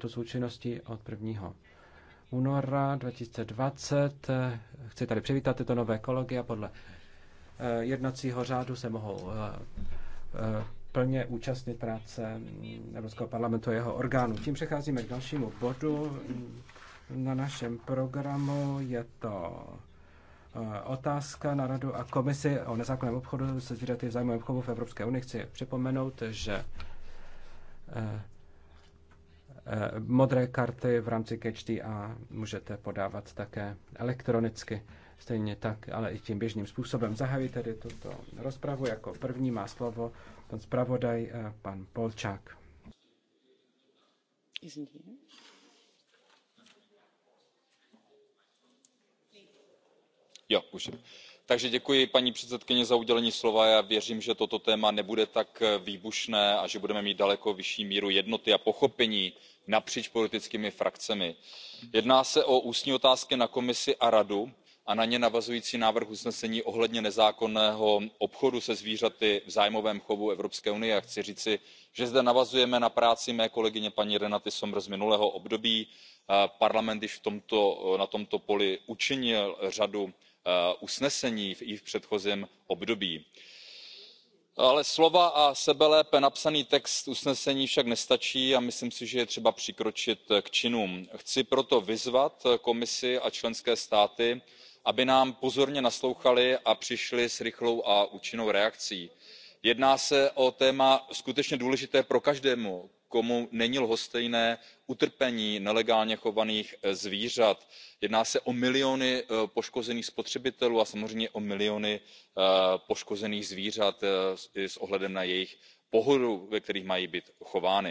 tu součinnosti od 1. února 2020. Chci tady přivítat tyto nové kolegy a podle eh, jednacího řádu se mohou eh, eh, plně účastnit práce Evropského parlamentu a jeho orgánů. Tím přecházíme k dalšímu bodu na našem programu. Je to otázka na radu a komisi o nezákonném obchodu se zvířaty v zájmu obchodu v Evropské unii. Chci připomenout, že Eh, modré karty v rámci kečty a můžete podávat také elektronicky. Stejně tak, ale i tím běžným způsobem. Zahajuji tedy tuto rozpravu. Jako první má slovo pan zpravodaj, eh, pan Polčák. Jo, už je. Takže děkuji paní předsedkyni za udělení slova. já věřím že toto téma nebude tak eh, výbušné a že budeme mít daleko vyšší míru jednoty a pochopení napříč politickými frakcemi. jedná se o ústní otázky na komisi a radu a na ně navazující návrh usnesení ohledně nezákonného obchodu se zvířaty v zájmovém chovu evropské unie. a chci říci že zde navazujeme na práci mé kolegyně paní renaty sommerové z minulého období. parlament již na tomto poli učinil řadu usnesení i v předchozím období ale slova a sebelépe napsaný text usnesení však nestačí a myslím si že je třeba přikročit k činům. chci proto vyzvat komisi a členské státy aby nám pozorně naslouchaly a přišly s rychlou a účinnou reakcí. jedná se o téma skutečně důležité pro každého komu není lhostejné utrpení nelegálně chovaných eh, zvířat. jedná se o miliony eh, poškozených spotřebitelů a samozřejmě o miliony eh, poškozených zvířat i s ohledem na jejich pohodu ve které mají být chována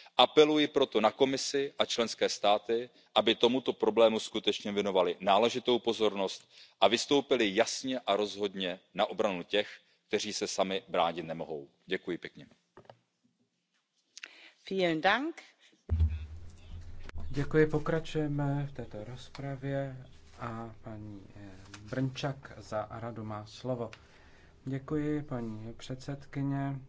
apeluji proto na komisi a členské státy aby tomuto problému skutečně věnovaly náležitou pozornost a vystoupily jasně a rozhodně na obranu těch kteří se sami bránit nemohou. děkuji pěkně. Děkuji, pokračujeme v této a paní eh, Brnčak za má slovo. Děkuji, předsedkyně.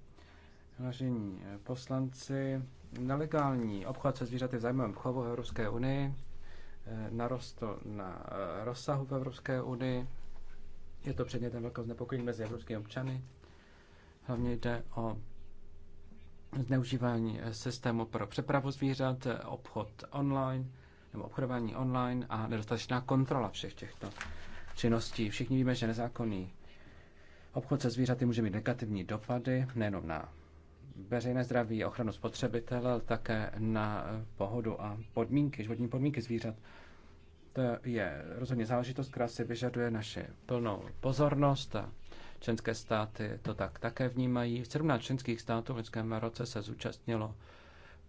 Vážení eh, poslanci, nelegální obchod se zvířaty v zájmovém chovu Evropské unii eh, narostl na eh, rozsahu v Evropské unii. Je to předmětem velkého znepokojení mezi evropskými občany. Hlavně jde o zneužívání systému pro přepravu zvířat, obchod online nebo obchodování online a nedostatečná kontrola všech těchto činností. Všichni víme, že nezákonný obchod se zvířaty může mít negativní dopady nejenom na veřejné zdraví, ochranu spotřebitele, ale také na pohodu a podmínky, životní podmínky zvířat. To je rozhodně záležitost, která si vyžaduje naši plnou pozornost a členské státy to tak také vnímají. 17 členských států v lidském roce se zúčastnilo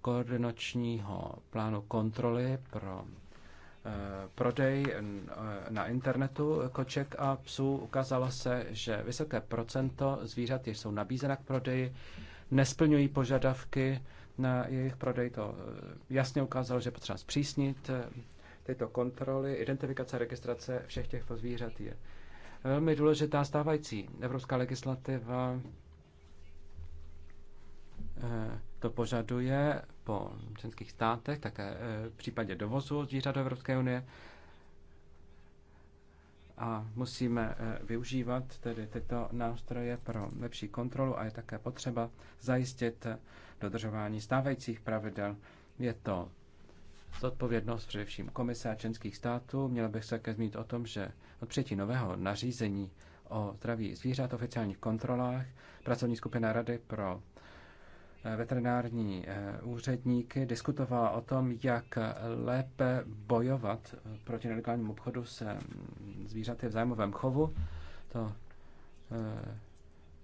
koordinačního plánu kontroly pro eh, prodej eh, na internetu koček a psů ukázalo se, že vysoké procento zvířat, jež jsou nabízena k prodeji, nesplňují požadavky na jejich prodej. To eh, jasně ukázalo, že potřeba zpřísnit eh, tyto kontroly. Identifikace a registrace všech těchto zvířat je velmi důležitá. Stávající evropská legislativa eh, to požaduje po členských státech, také v případě dovozu zvířat do Evropské unie a musíme eh, využívat tedy tyto nástroje pro lepší kontrolu a je také potřeba zajistit eh, dodržování stávajících pravidel. Je to zodpovědnost především komise a členských států. Měl bych se také zmínit o tom, že od přijetí nového nařízení o zdraví zvířat oficiálních kontrolách pracovní skupina Rady pro Eh, veterinární eh, úředníky, diskutovala o tom, jak lépe bojovat eh, proti nelegálnímu obchodu se zvířaty v zájmovém chovu. To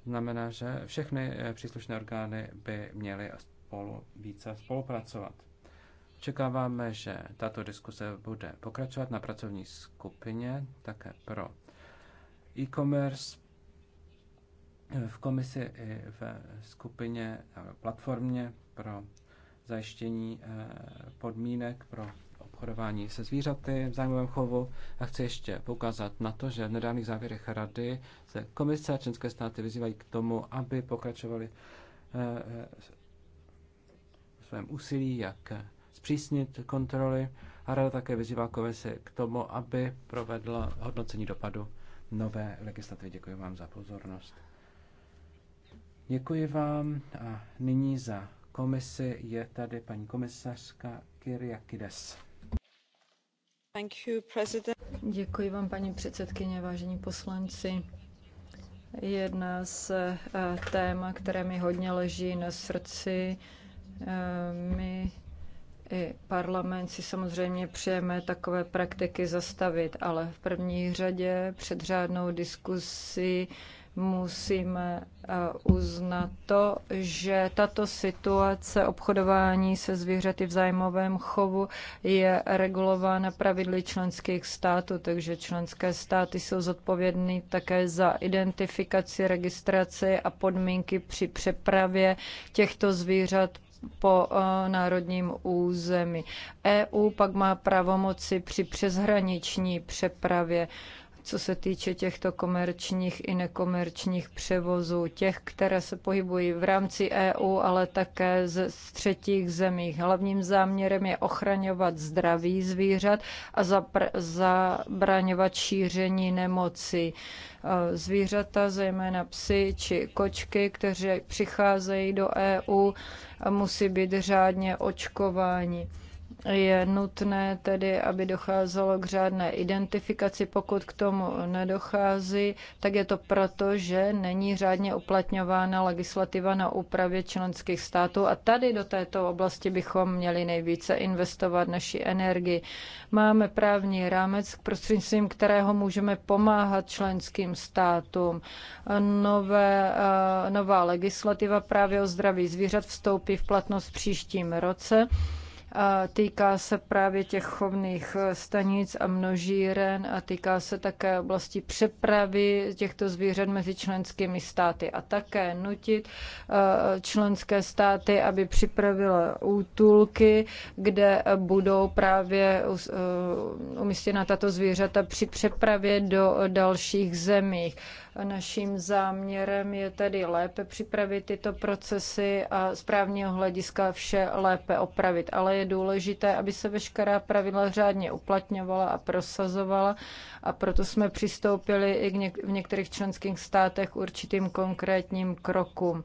znamená, že všechny příslušné orgány by měly spolu více spolupracovat. Očekáváme, že tato diskuse bude pokračovat na pracovní skupině také pro e-commerce, v komisi i ve skupině, eh, platformě pro zajištění eh, podmínek pro obchodování se zvířaty v zájmovém chovu a chci ještě poukázat na to, že v nedávných závěrech rady se komise a členské státy vyzývají k tomu, aby pokračovali v eh, svém úsilí, jak zpřísnit kontroly a rada také vyzývá komisi k tomu, aby provedla hodnocení dopadu nové legislativy. Děkuji vám za pozornost. Děkuji vám a nyní za komisi je tady paní komisařka Kyriakides. Děkuji vám, paní předsedkyně, vážení poslanci. Jedna z eh, téma, které mi hodně leží na srdci. Eh, my i parlament si samozřejmě přejeme takové praktiky zastavit, ale v první řadě před řádnou diskusí musíme eh, uznat to, že tato situace obchodování se zvířaty v zájmovém chovu je regulována pravidly členských států, takže členské státy jsou zodpovědné také za identifikaci, registraci a podmínky při přepravě těchto zvířat po eh, národním území. EU pak má pravomoci při přeshraniční přepravě co se týče těchto komerčních i nekomerčních převozů, těch, které se pohybují v rámci EU, ale také z třetích zemí. Hlavním záměrem je ochraňovat zdraví zvířat a zabraňovat šíření nemoci. E, zvířata, zejména psy či kočky, kteří přicházejí do EU, musí být řádně očkováni je nutné tedy, aby docházelo k řádné identifikaci. Pokud k tomu nedochází, tak je to proto, že není řádně uplatňována legislativa na úpravě členských států a tady do této oblasti bychom měli nejvíce investovat naši energii. Máme právní rámec, prostřednictvím kterého můžeme pomáhat členským státům. Nové, eh, nová legislativa právě o zdraví zvířat vstoupí v platnost v příštím roce a týká se právě těch chovných eh, stanic a množíren a týká se také oblasti přepravy těchto zvířat mezi členskými státy a také nutit eh, členské státy, aby připravila útulky, kde budou právě eh, umístěna tato zvířata při přepravě do dalších zemích. Naším záměrem je tedy lépe připravit tyto procesy a z právního hlediska vše lépe opravit. Ale je důležité, aby se veškerá pravidla řádně uplatňovala a prosazovala a proto jsme přistoupili i v některých členských státech určitým konkrétním krokům.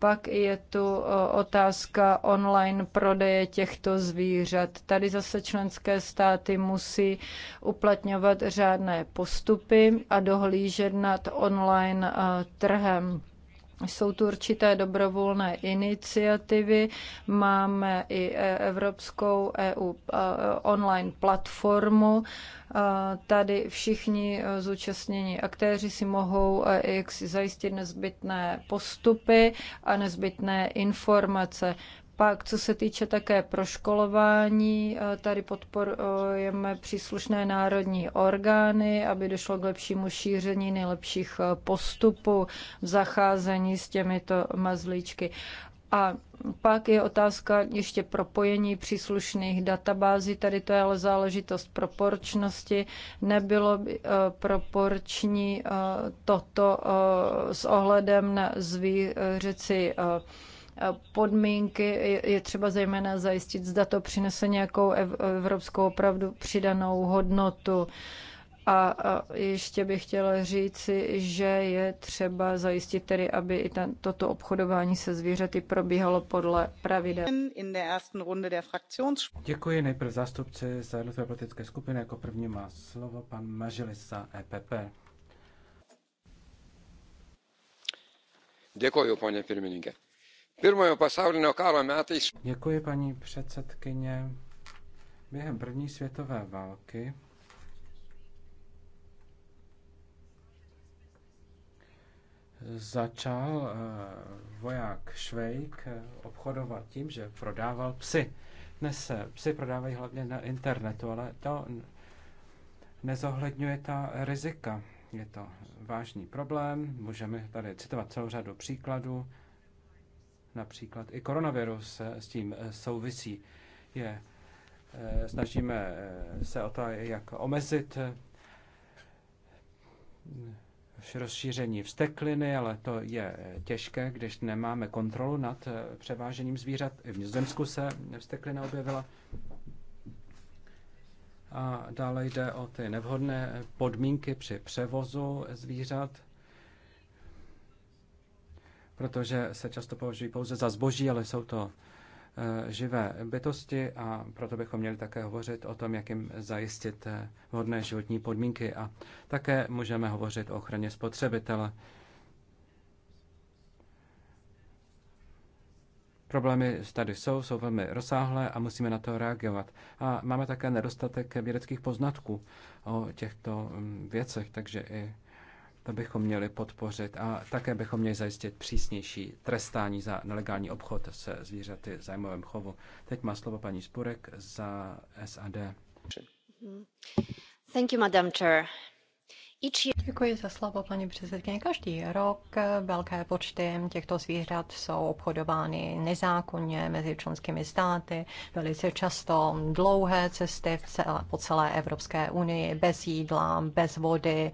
Pak je tu otázka online prodeje těchto zvířat. Tady zase členské státy musí uplatňovat řádné postupy a dohlížet nad online eh, trhem. Jsou tu určité dobrovolné iniciativy, máme i e, Evropskou EU e, online platformu. E, tady všichni zúčastnění aktéři si mohou jak si zajistit nezbytné postupy a nezbytné informace. Pak, co se týče také proškolování, eh, tady podporujeme příslušné národní orgány, aby došlo k lepšímu šíření nejlepších eh, postupů v zacházení s těmito mazlíčky. A pak je otázka ještě propojení příslušných databází. Tady to je ale záležitost proporčnosti. Nebylo by eh, proporční toto s ohledem na zvířeci podmínky je třeba zejména zajistit, zda to přinese nějakou evropskou opravdu přidanou hodnotu. A ještě bych chtěla říci, že je třeba zajistit tedy, aby i ten, toto obchodování se zvířaty probíhalo podle pravidel. Děkuji nejprve zástupce za jednotlivé politické skupiny. Jako první má slovo pan Maželisa EPP. Děkuji, paní pirmininke. Pirmojo pasaulinio karo metais. paní předsedkyně. Během první světové války začal eh, voják Švejk eh, obchodovat tím, že prodával psy. Dnes se psy prodávají hlavně na internetu, ale to nezohledňuje ta rizika. Je to vážný problém, můžeme tady citovat celou řadu příkladů. Například i koronavirus eh, s tím eh, souvisí. Je, eh, snažíme se o to, jak omezit rozšíření vstekliny, ale to je těžké, když nemáme kontrolu nad převážením zvířat. I v Nizozemsku se vsteklina objevila. A dále jde o ty nevhodné podmínky při převozu zvířat protože se často považují pouze za zboží, ale jsou to eh, živé bytosti a proto bychom měli také hovořit o tom, jak jim zajistit eh, vhodné životní podmínky a také můžeme hovořit o ochraně spotřebitele. Problémy tady jsou, jsou velmi rozsáhlé a musíme na to reagovat. A máme také nedostatek vědeckých poznatků o těchto mm, věcech, takže i to bychom měli podpořit a také bychom měli zajistit přísnější trestání za nelegální obchod se zvířaty v zájmovém chovu. Teď má slovo paní Spurek za SAD. Thank you, Madam Chair. Děkuji za slovo, paní předsedkyně. Každý rok velké počty těchto zvířat jsou obchodovány nezákonně mezi členskými státy, velice často dlouhé cesty v celé, po celé Evropské unii, bez jídla, bez vody,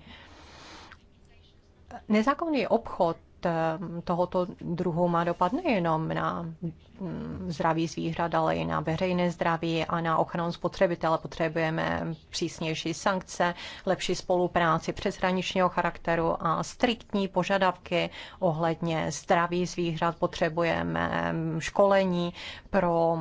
nezákonný obchod ehm, tohoto druhu má dopad nejenom na mm, zdraví zvířat, ale i na veřejné zdraví a na ochranu spotřebitele. Potřebujeme přísnější sankce, lepší spolupráci přeshraničního charakteru a striktní požadavky ohledně zdraví zvířat. Potřebujeme ehm, školení pro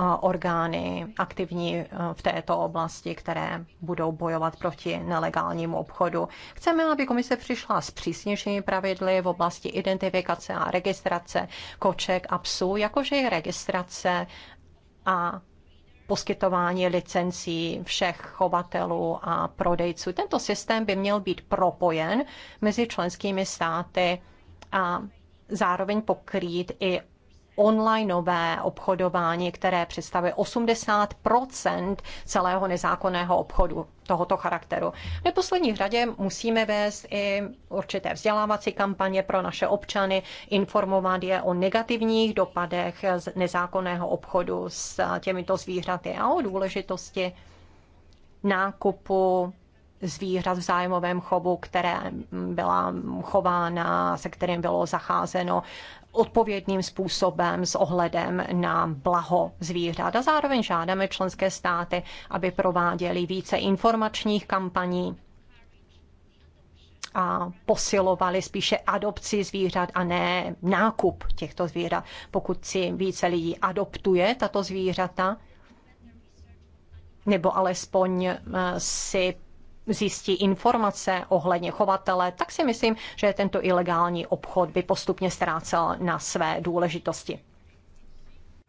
Eh, orgány aktivní eh, v této oblasti, které budou bojovat proti nelegálnímu obchodu. Chceme, aby komise přišla s přísnějšími pravidly v oblasti identifikace a registrace koček a psů, jakože i registrace a poskytování licencí všech chovatelů a prodejců. Tento systém by měl být propojen mezi členskými státy a zároveň pokrýt i onlineové obchodování, které představuje 80 celého nezákonného obchodu tohoto charakteru. V neposlední řadě musíme vést i určité vzdělávací kampaně pro naše občany, informovat je o negativních dopadech z nezákonného obchodu s těmito zvířaty a o důležitosti nákupu zvířat v zájmovém chovu, které byla chována, se kterým bylo zacházeno odpovědným způsobem s ohledem na blaho zvířat. A zároveň žádáme členské státy, aby prováděly více informačních kampaní a posilovali spíše adopci zvířat a ne nákup těchto zvířat. Pokud si více lidí adoptuje tato zvířata, nebo alespoň eh, si zjistí informace ohledně chovatele, tak si myslím, že tento ilegální obchod by postupně ztrácel na své důležitosti.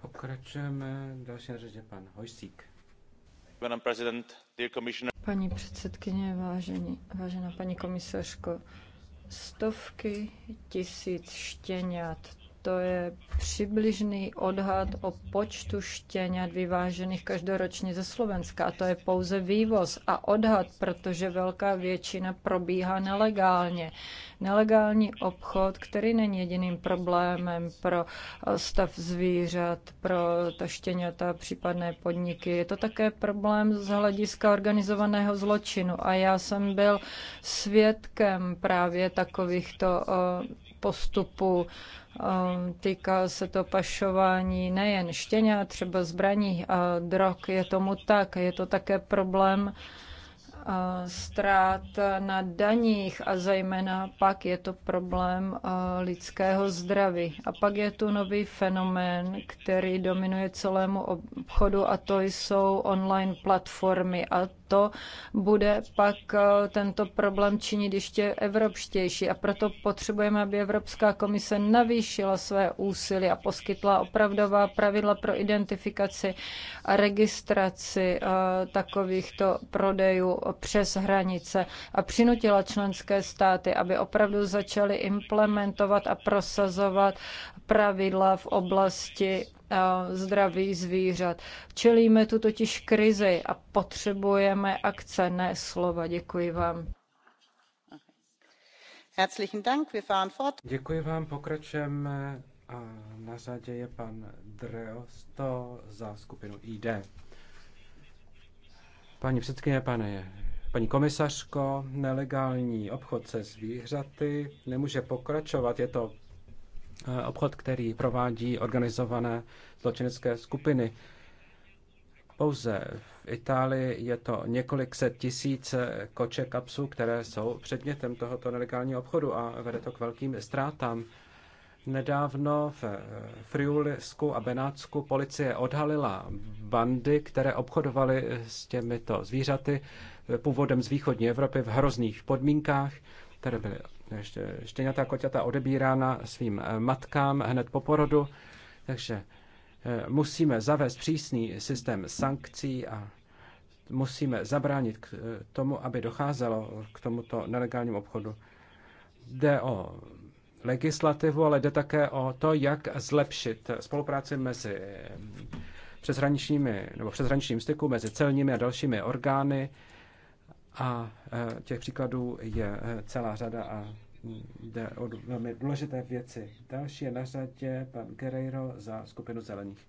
Pokračujeme další na řadě pan Hojsík. Paní předsedkyně, vážení, vážená paní komisařko, stovky tisíc štěňat, to je přibližný odhad o počtu štěňat vyvážených každoročně ze Slovenska. A to je pouze vývoz a odhad, protože velká většina probíhá nelegálně. Nelegální obchod, který není jediným problémem pro eh, stav zvířat, pro ta štěňata, případné podniky. Je to také problém z hlediska organizovaného zločinu. A já jsem byl svědkem právě takovýchto eh, postupu. Um, týká se to pašování nejen štěňa, třeba zbraní a drog. Je tomu tak. Je to také problém ztrát na daních a zejména pak je to problém lidského zdraví. A pak je tu nový fenomén, který dominuje celému obchodu a to jsou online platformy a to bude pak eh, tento problém činit ještě evropštější. A proto potřebujeme, aby Evropská komise navýšila své úsilí a poskytla opravdová pravidla pro identifikaci a registraci eh, takovýchto prodejů přes hranice a přinutila členské státy, aby opravdu začaly implementovat a prosazovat pravidla v oblasti zdraví zvířat. Čelíme tu totiž krizi a potřebujeme akce, ne slova. Děkuji vám. Děkuji vám, pokračujeme a na řadě je pan Dreosto za skupinu ID. Paní předsedkyně, pane, paní komisařko, nelegální obchod se zvířaty nemůže pokračovat. Je to Eh, obchod, který provádí organizované zločinecké skupiny. Pouze v Itálii je to několik set tisíc eh, koček a psů, které jsou předmětem tohoto nelegálního obchodu a vede to k velkým ztrátám. Nedávno v eh, Friulisku a Benátsku policie odhalila bandy, které obchodovaly s těmito zvířaty původem z východní Evropy v hrozných podmínkách, které byly štěňata a koťata odebírána svým eh, matkám hned po porodu, takže eh, musíme zavést přísný systém sankcí a musíme zabránit k eh, tomu, aby docházelo k tomuto nelegálnímu obchodu. Jde o legislativu, ale jde také o to, jak zlepšit spolupráci mezi přeshraničními nebo přeshraničním styku mezi celními a dalšími orgány, a e, těch příkladů je e, celá řada a jde o velmi důležité věci. Další je na řadě pan Guerreiro za skupinu zelených.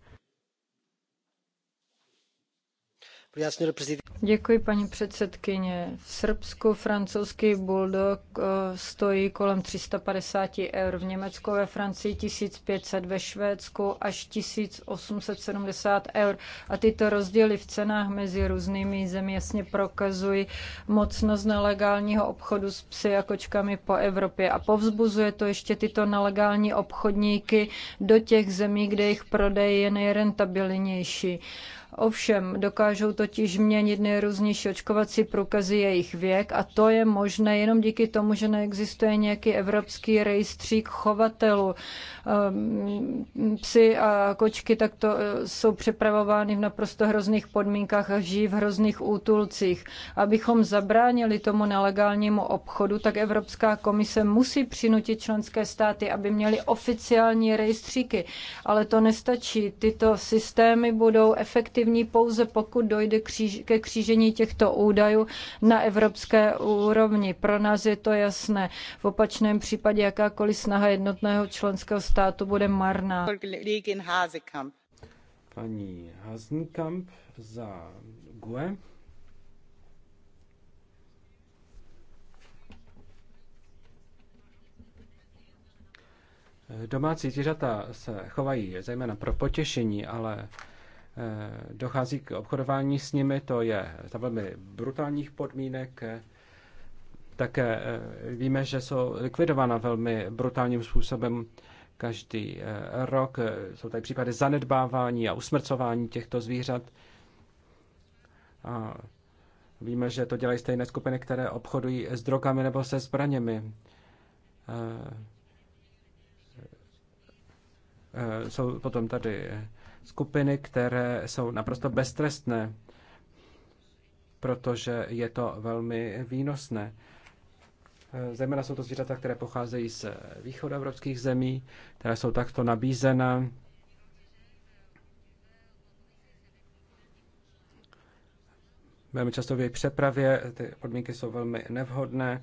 Děkuji, paní předsedkyně. V Srbsku francouzský bulldog eh, stojí kolem 350 eur, v Německu ve Francii 1500, ve Švédsku až 1870 eur. A tyto rozdíly v cenách mezi různými zeměmi jasně prokazují mocnost nelegálního obchodu s psy a kočkami po Evropě. A povzbuzuje to ještě tyto nelegální obchodníky do těch zemí, kde jejich prodej je nejrentabilnější. Ovšem, dokážou totiž měnit nejrůznější očkovací průkazy jejich věk a to je možné jenom díky tomu, že neexistuje nějaký evropský rejstřík chovatelů. Ehm, psy a kočky takto e, jsou přepravovány v naprosto hrozných podmínkách a žijí v hrozných útulcích. Abychom zabránili tomu nelegálnímu obchodu, tak Evropská komise musí přinutit členské státy, aby měly oficiální rejstříky. Ale to nestačí. Tyto systémy budou efektivní efektivní pouze pokud dojde kříž, ke křížení těchto údajů na evropské úrovni. Pro nás je to jasné. V opačném případě jakákoliv snaha jednotného členského státu bude marná. Paní Hasenkamp za GUE. Domácí zvířata se chovají zejména pro potěšení, ale Eh, dochází k obchodování s nimi, to je za velmi brutálních podmínek. Eh, také eh, víme, že jsou likvidována velmi brutálním způsobem každý rok. Jsou tady případy zanedbávání a usmrcování těchto zvířat. A víme, že to dělají stejné skupiny, které obchodují s drogami nebo se zbraněmi. Jsou potom tady skupiny, které jsou naprosto beztrestné, protože je to velmi výnosné. Eh, zejména jsou to zvířata, které pocházejí z východoevropských zemí, které jsou takto nabízena. Velmi často v jejich přepravě ty podmínky jsou velmi nevhodné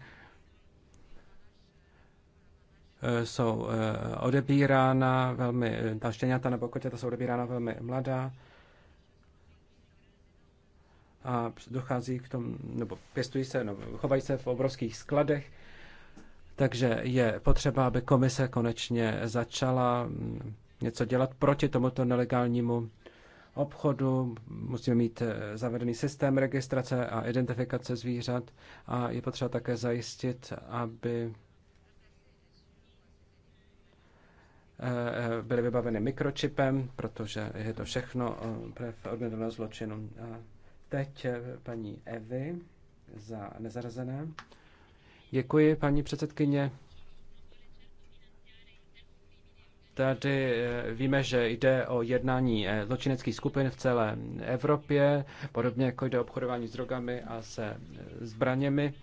Eh, jsou eh, odebírána velmi, eh, ta štěňata nebo kotěta jsou odebírána velmi mladá a dochází k tomu, nebo pěstují se, nebo chovají se v obrovských skladech, takže je potřeba, aby komise konečně začala mm, něco dělat proti tomuto nelegálnímu obchodu, musíme mít zavedený systém registrace a identifikace zvířat a je potřeba také zajistit, aby byly vybaveny mikročipem, protože je to všechno eh, projev organizovaného zločinu. A teď eh, paní Evy za nezarazené. Děkuji, paní předsedkyně. Tady eh, víme, že jde o jednání zločineckých skupin v celé Evropě, podobně jako jde o obchodování s drogami a se zbraněmi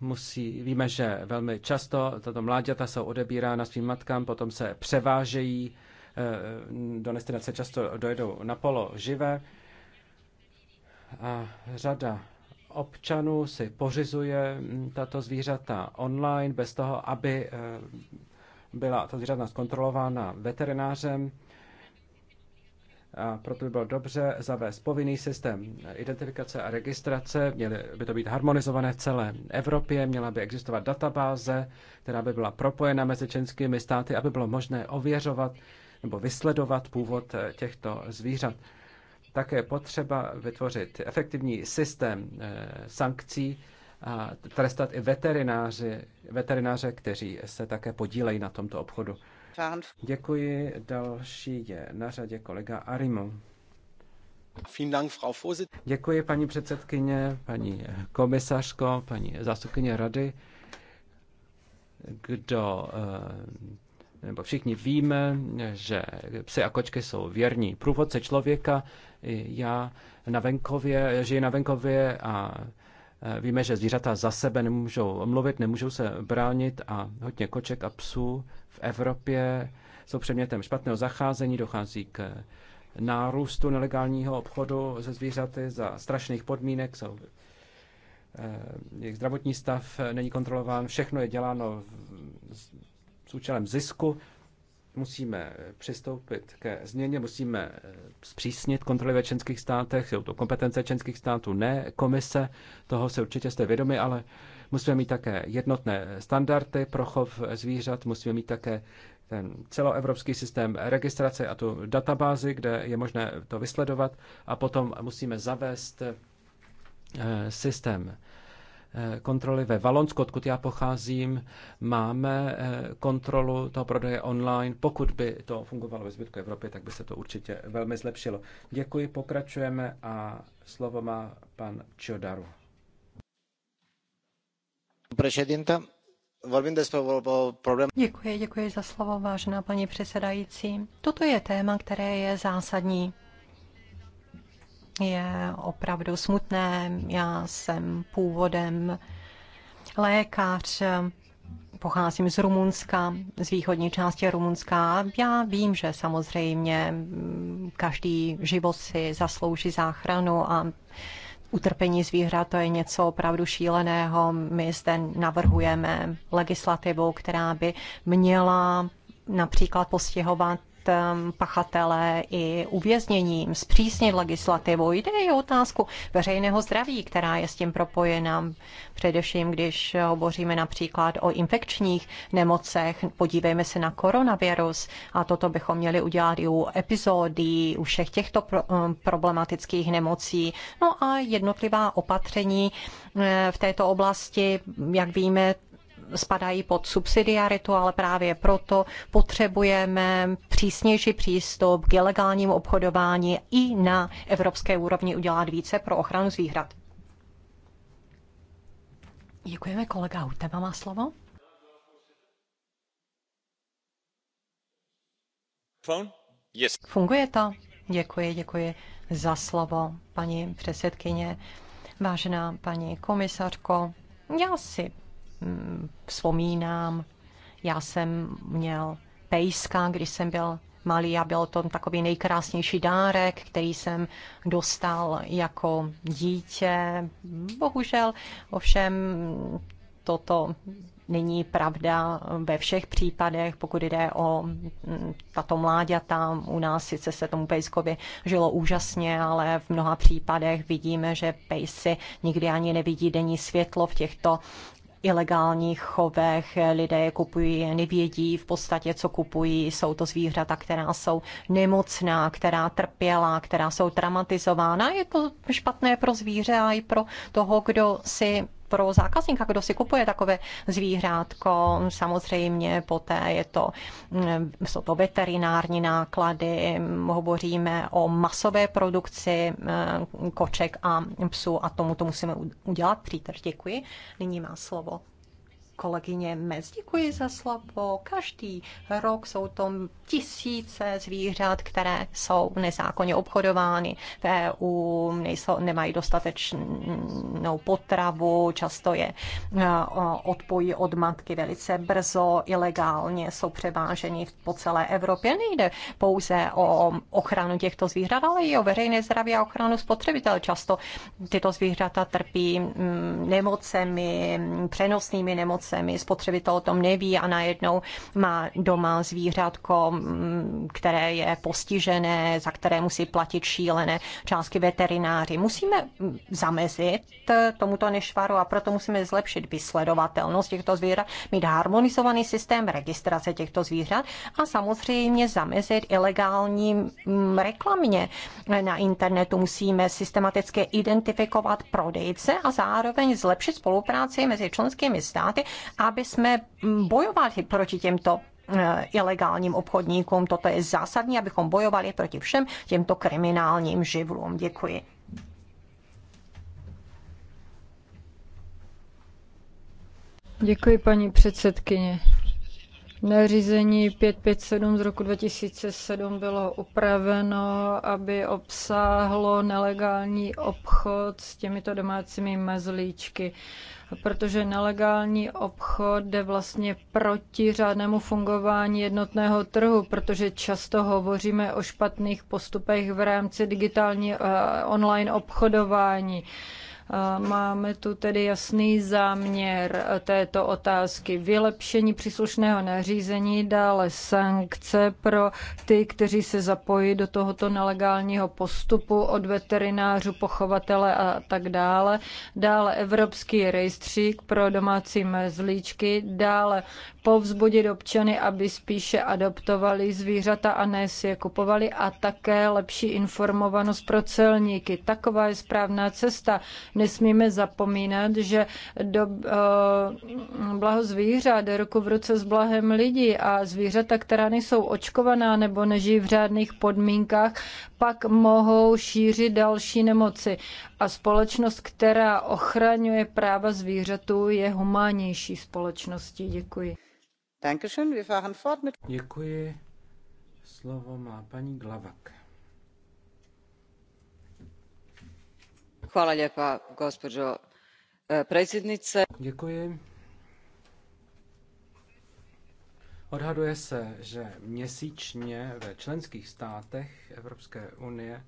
musí, víme, že velmi často tato mláďata jsou odebírána svým matkám, potom se převážejí, eh, do destinace často dojedou na polo živé a řada občanů si pořizuje mm, tato zvířata online bez toho, aby eh, byla ta zvířata zkontrolována veterinářem. A proto by bylo dobře zavést povinný systém identifikace a registrace, měly by to být harmonizované v celé Evropě, měla by existovat databáze, která by byla propojena mezi členskými státy, aby bylo možné ověřovat nebo vysledovat původ eh, těchto zvířat. Také potřeba vytvořit efektivní systém eh, sankcí a trestat i veterináři, veterináře, kteří se také podílejí na tomto obchodu. Děkuji. Další je na řadě kolega Arimo. Děkuji, paní předsedkyně, paní komisařko, paní zástupkyně rady. Kdo eh, nebo všichni víme, že psy a kočky jsou věrní průvodce člověka. Já na venkově, žiji na venkově a Eh, víme, že zvířata za sebe nemůžou mluvit, nemůžou se bránit a hodně koček a psů v Evropě jsou předmětem špatného zacházení, dochází k eh, nárůstu nelegálního obchodu se zvířaty za strašných podmínek, jsou eh, jejich zdravotní stav není kontrolován, všechno je děláno s účelem zisku musíme eh, přistoupit ke změně, musíme eh, zpřísnit kontroly ve členských státech, jsou to kompetence členských států, ne komise, toho se určitě jste vědomi, ale musíme mít také jednotné standardy pro chov zvířat, musíme mít také ten celoevropský systém registrace a tu databázi, kde je možné to vysledovat a potom musíme zavést eh, systém Eh, kontroly. Ve Valonsku, odkud já pocházím, máme eh, kontrolu toho prodeje online. Pokud by to fungovalo ve zbytku Evropy, tak by se to určitě velmi zlepšilo. Děkuji, pokračujeme a slovo má pan Čiodaru. Prezidenta, Děkuji, děkuji za slovo, vážená paní předsedající. Toto je téma, které je zásadní je opravdu smutné. Já jsem původem lékař, pocházím z Rumunska, z východní části Rumunska. Já vím, že samozřejmě mm, každý život si zaslouží záchranu a utrpení zvířat, to je něco opravdu šíleného. My zde navrhujeme legislativu, která by měla například postihovat Um, pachatele i uvězněním, zpřísnit legislativu. Jde i o otázku veřejného zdraví, která je s tím propojena. Především, když hovoříme například o infekčních nemocech, podívejme se na koronavirus a toto bychom měli udělat i u epizodí, u všech těchto um, problematických nemocí. No a jednotlivá opatření eh, v této oblasti, jak víme, spadají pod subsidiaritu, ale právě proto potřebujeme přísnější přístup k ilegálnímu obchodování i na evropské úrovni udělat více pro ochranu zvířat. Děkujeme, kolega Hutema má slovo. Yes. Funguje to? Děkuji, děkuji za slovo, paní předsedkyně. Vážená paní komisařko, já si vzpomínám, já jsem měl pejska, když jsem byl malý a byl to takový nejkrásnější dárek, který jsem dostal jako dítě. Bohužel ovšem toto není pravda ve všech případech, pokud jde o tato mláďata. U nás sice se tomu pejskovi žilo úžasně, ale v mnoha případech vidíme, že pejsy nikdy ani nevidí denní světlo v těchto ilegálních chovech, lidé je kupují, nevědí v podstatě, co kupují. Jsou to zvířata, která jsou nemocná, která trpěla, která jsou traumatizována. Je to špatné pro zvíře a i pro toho, kdo si pro zákazníka, kdo si kupuje takové zvířátko. Samozřejmě poté je to, mm, jsou to veterinární náklady, hovoříme o masové produkci mm, koček a psů a tomu to musíme udělat přítrž. Děkuji. Nyní má slovo kolegyně Mec. Děkuji za slovo. Každý rok jsou to tisíce zvířat, které jsou nezákonně obchodovány v EU, nejsou, nemají dostatečnou potravu, často je e, odpojí od matky velice brzo, ilegálně jsou převáženi po celé Evropě. Nejde pouze o ochranu těchto zvířat, ale i o veřejné zdraví a ochranu spotřebitel. Často tyto zvířata trpí mm, nemocemi, přenosnými nemocemi, zemi, spotřebitel o tom neví a najednou má doma zvířátko, mm, které je postižené, za které musí platit šílené částky veterináři. Musíme mm, zamezit eh, tomuto nešvaru a proto musíme zlepšit vysledovatelnost těchto zvířat, mít harmonizovaný systém registrace těchto zvířat a samozřejmě zamezit ilegální mm, reklamě na internetu. Musíme systematicky identifikovat prodejce a zároveň zlepšit spolupráci mezi členskými státy aby jsme bojovali proti těmto eh, ilegálním obchodníkům. Toto je zásadní, abychom bojovali proti všem těmto kriminálním živlům. Děkuji. Děkuji, paní předsedkyně. Nařízení 557 z roku 2007 bylo upraveno, aby obsáhlo nelegální obchod s těmito domácími mazlíčky, protože nelegální obchod jde vlastně proti řádnému fungování jednotného trhu, protože často hovoříme o špatných postupech v rámci digitální eh, online obchodování. Máme tu tedy jasný záměr této otázky. Vylepšení příslušného nařízení, dále sankce pro ty, kteří se zapojí do tohoto nelegálního postupu od veterinářů, pochovatele a tak dále. Dále Evropský rejstřík pro domácí mezlíčky, dále povzbudit občany, aby spíše adoptovali zvířata a ne si je kupovali a také lepší informovanost pro celníky. Taková je správná cesta. Nesmíme zapomínat, že do, uh, eh, blaho zvířat jde ruku v ruce s blahem lidí a zvířata, která nejsou očkovaná nebo nežijí v řádných podmínkách, pak mohou šířit další nemoci. A společnost, která ochraňuje práva zvířatů, je humánnější společností. Děkuji. Děkuji. Slovo má paní Glavak. Hvala lijepa, gospođo e, predsjednice. Děkuji. Odhaduje se, že měsíčně ve členských státech Evropské unie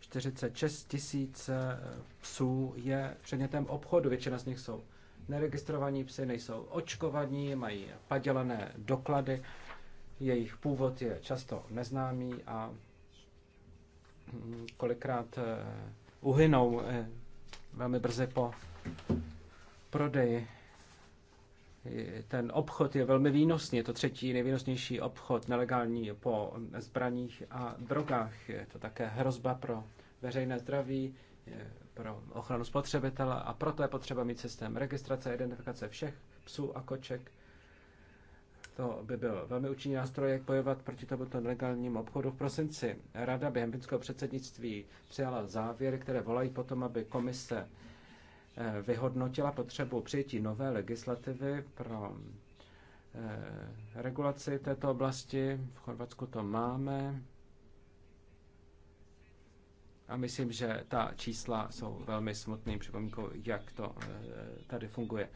46 tisíc psů je předmětem obchodu, většina z nich jsou neregistrovaní psy nejsou očkovaní, mají padělané doklady, jejich původ je často neznámý a mm, kolikrát eh, uhynou eh, velmi brzy po prodeji. Ten obchod je velmi výnosný, je to třetí nejvýnosnější obchod nelegální po zbraních a drogách. Je to také hrozba pro veřejné zdraví, pro ochranu spotřebitele a proto je potřeba mít systém registrace a identifikace všech psů a koček. To by byl velmi účinný nástroj, jak bojovat proti tomuto nelegálnímu obchodu. V prosinci Rada během finského předsednictví přijala závěry, které volají potom, aby komise eh, vyhodnotila potřebu přijetí nové legislativy pro eh, regulaci této oblasti. V Chorvatsku to máme. A myslím, že ta čísla jsou velmi smutným připomínkou, jak to eh, tady funguje.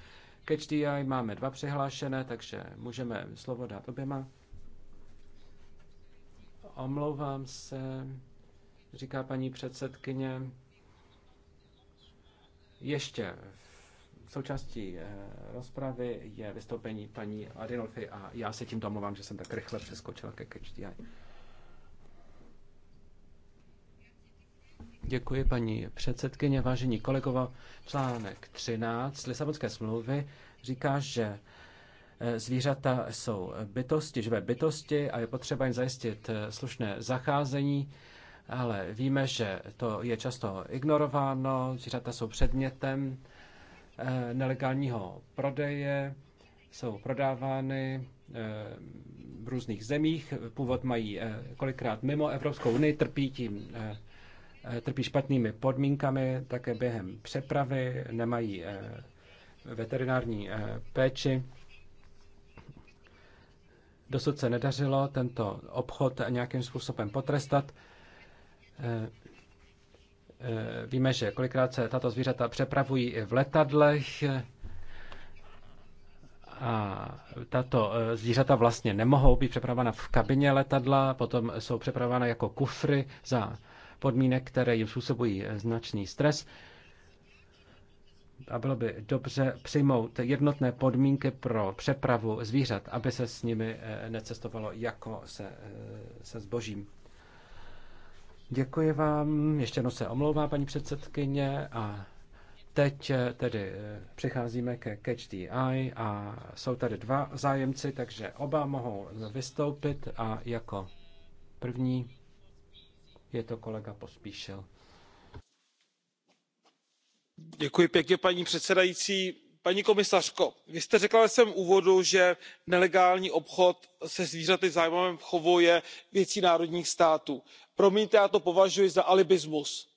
Ke máme dva přihlášené, takže můžeme slovo dát oběma. Omlouvám se, říká paní předsedkyně. Ještě v součástí eh, rozpravy je vystoupení paní Adinolfy a já se tím domluvám, že jsem tak rychle přeskočila ke HDI. Děkuji, paní předsedkyně. Vážení kolegové, článek 13 Lisabonské smlouvy říká, že eh, zvířata jsou bytosti, živé bytosti a je potřeba jim zajistit eh, slušné zacházení, ale víme, že to je často ignorováno, zvířata jsou předmětem eh, nelegálního prodeje, jsou prodávány v různých zemích, původ mají kolikrát mimo Evropskou unii, trpí tím Eh, trpí špatnými podmínkami, také během přepravy, nemají eh, veterinární eh, péči. Dosud se nedařilo tento obchod nějakým způsobem potrestat. Víme, že kolikrát se tato zvířata přepravují i v letadlech a tato zvířata vlastně nemohou být přepravována v kabině letadla, potom jsou přepravována jako kufry za podmínek, které jim způsobují značný stres. A bylo by dobře přijmout jednotné podmínky pro přepravu zvířat, aby se s nimi eh, necestovalo jako se, eh, se zbožím. Děkuji vám. Ještě jednou se omlouvá paní předsedkyně a teď eh, tedy přicházíme ke Catch the Eye a jsou tady dva zájemci, takže oba mohou vystoupit a jako první je to kolega Pospíšil. Děkuji pěkně, paní předsedající paní komisařko vy jste řekla ve svém úvodu že nelegální obchod se zvířaty v zájmovém chovu je věcí národních států. promiňte já to považuji za alibismus.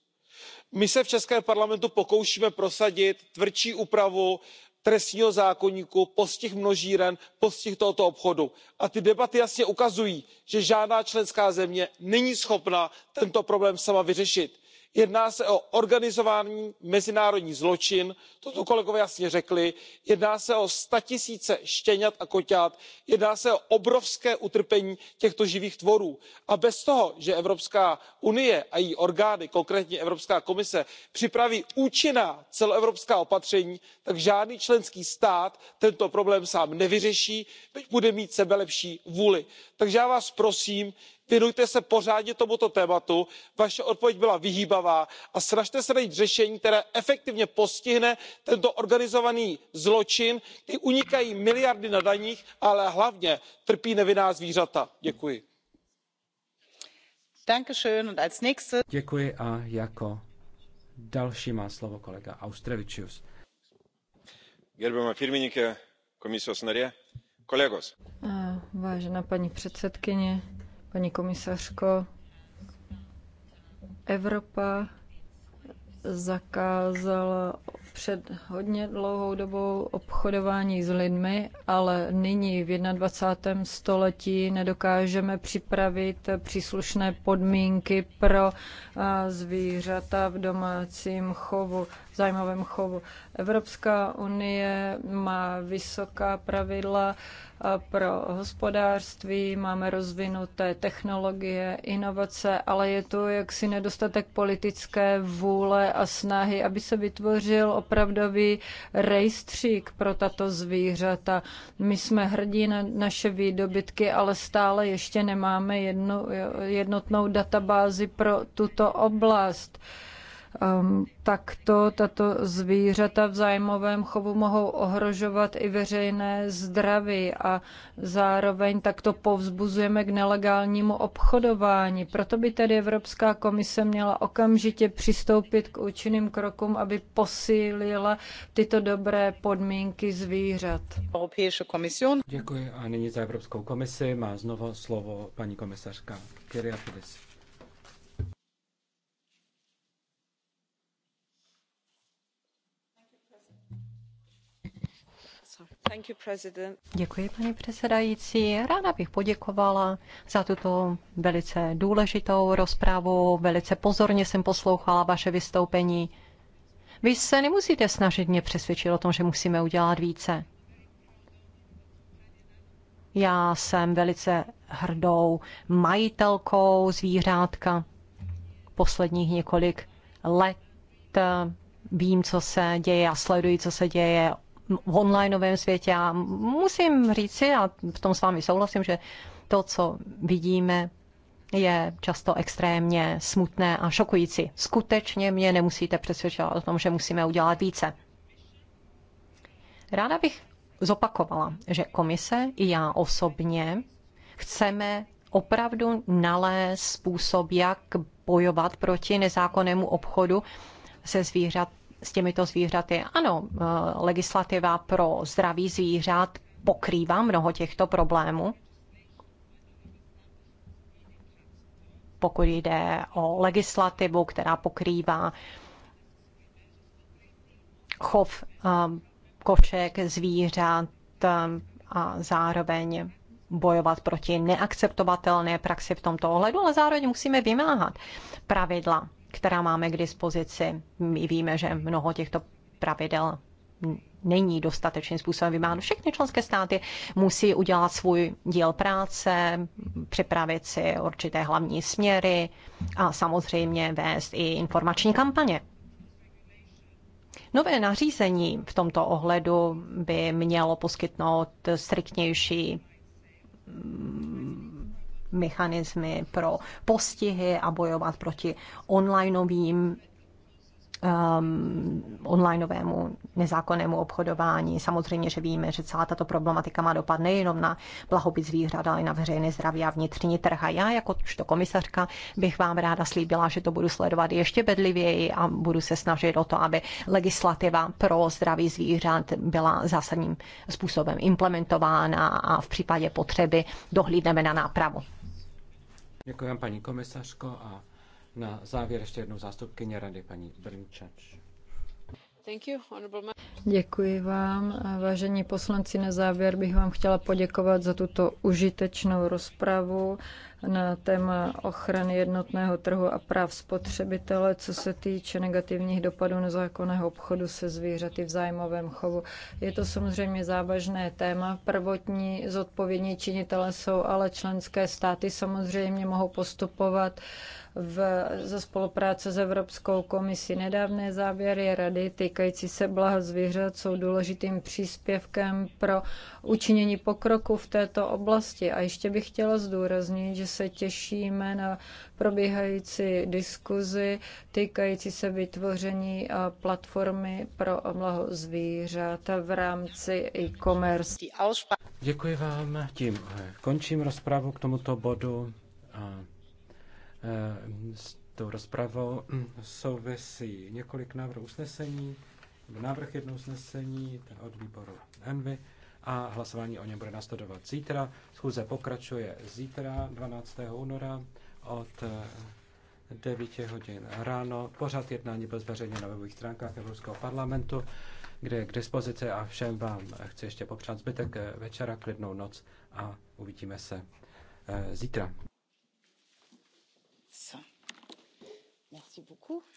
my se v českém parlamentu pokoušíme prosadit tvrdší úpravu trestního zákoníku postih množíren postih tohoto obchodu a ty debaty jasně ukazují že žádná členská země není schopna tento problém sama vyřešit jedná se o organizovaný mezinárodní zločin to tu kolegové jasně řekli jedná se o statisíce štěňat a koťat jedná se o obrovské utrpení těchto živých tvorů a bez toho že evropská unie a její orgány konkrétně evropská komise připraví účinná celoevropská opatření tak žádný členský stát tento problém sám nevyřeší byť bude mít sebelepší vůli. takže já vás prosím věnujte se pořádně tomuto tématu vaše odpověď byla vyhýbavá a snažte se najít řešení které efektivně postihne tento organizovaný zločin kdy unikají miliardy na daních ale hlavně trpí nevinná zvířata. děkuji. děkuji a jako další má slovo kolega vážená paní předsedkyně paní komisařko. Evropa zakázal před hodně dlouhou dobou obchodování s lidmi, ale nyní v 21. století nedokážeme připravit příslušné podmínky pro zvířata v domácím chovu, zájmovém chovu. Evropská unie má vysoká pravidla pro hospodářství, máme rozvinuté technologie, inovace, ale je tu jaksi nedostatek politické vůle a snahy, aby se vytvořil opravdový rejstřík pro tato zvířata. My jsme hrdí na naše výdobytky, ale stále ještě nemáme jednu, jednotnou databázi pro tuto oblast. Uh, um, ehm, takto tato zvířata v zájmovém chovu mohou ohrožovat i veřejné zdraví a zároveň takto povzbuzujeme k nelegálnímu obchodování. Proto by tedy Evropská komise měla okamžitě přistoupit k účinným krokům, aby posílila tyto dobré podmínky zvířat. Děkuji a nyní za Evropskou komisi má znovu slovo paní komisařka Kyriakides. Děkuji, paní předsedající. Ráda bych poděkovala za tuto velice důležitou rozpravu. Velice pozorně jsem poslouchala vaše vystoupení. Vy se nemusíte snažit mě přesvědčit o tom, že musíme udělat více. Já jsem velice hrdou majitelkou zvířátka. Posledních několik let vím, co se děje a sleduji, co se děje v onlineovém světě. A musím říci, a v tom s vámi souhlasím, že to, co vidíme, je často extrémně smutné a šokující. Skutečně mě nemusíte přesvědčovat o tom, že musíme udělat více. Ráda bych zopakovala, že komise i já osobně chceme opravdu nalézt způsob, jak bojovat proti nezákonnému obchodu se zvířat s těmito zvířaty. Ano, eh, legislativa pro zdraví zvířat pokrývá mnoho těchto problémů. Pokud jde o legislativu, která pokrývá chov eh, košek zvířat eh, a zároveň bojovat proti neakceptovatelné praxi v tomto ohledu, ale zároveň musíme vymáhat pravidla která máme k dispozici. My víme, že mnoho těchto pravidel není dostatečným způsobem vymáhnout. Všechny členské státy musí udělat svůj díl práce, připravit si určité hlavní směry a samozřejmě vést i informační kampaně. Nové nařízení v tomto ohledu by mělo poskytnout striktnější mechanismy pro postihy a bojovat proti onlineovým um, onlineovému nezákonnému obchodování. Samozřejmě, že víme, že celá tato problematika má dopad nejenom na blahobyt zvířat, ale i na veřejné zdraví a vnitřní trh. A já, jako to komisařka, bych vám ráda slíbila, že to budu sledovat ještě bedlivěji a budu se snažit o to, aby legislativa pro zdraví zvířat byla zásadním způsobem implementována a v případě potřeby dohlídneme na nápravu. Děkuji vám, paní komisařko, a na závěr ještě jednou zástupkyně rady, paní Brnčač. Děkuji vám. Vážení poslanci, na závěr bych vám chtěla poděkovat za tuto užitečnou rozpravu na téma ochrany jednotného trhu a práv spotřebitele, co se týče negativních dopadů nezákonného obchodu se zvířaty v zájmovém chovu. Je to samozřejmě závažné téma. Prvotní zodpovědní činitele jsou ale členské státy. Samozřejmě mohou postupovat v, za spolupráce s Evropskou komisí. Nedávné závěry rady týkající se blaha zvířat jsou důležitým příspěvkem pro učinění pokroku v této oblasti. A ještě bych chtěla zdůraznit, že se těšíme na probíhající diskuzi týkající se vytvoření platformy pro mlaho zvířat v rámci e-commerce. Děkuji vám. Tím eh, končím rozpravu k tomuto bodu. A eh, s tou rozpravou hm, souvisí několik návrhů usnesení, návrh jedno usnesení od výboru Envy a hlasování o něm bude následovat zítra. Schůze pokračuje zítra 12. února od 9 eh, hodin ráno. Pořád jednání byl zveřejněn na webových stránkách Evropského parlamentu, kde je k dispozici a všem vám chci ještě popřát zbytek eh, večera, klidnou noc a uvidíme se eh, zítra. Merci beaucoup.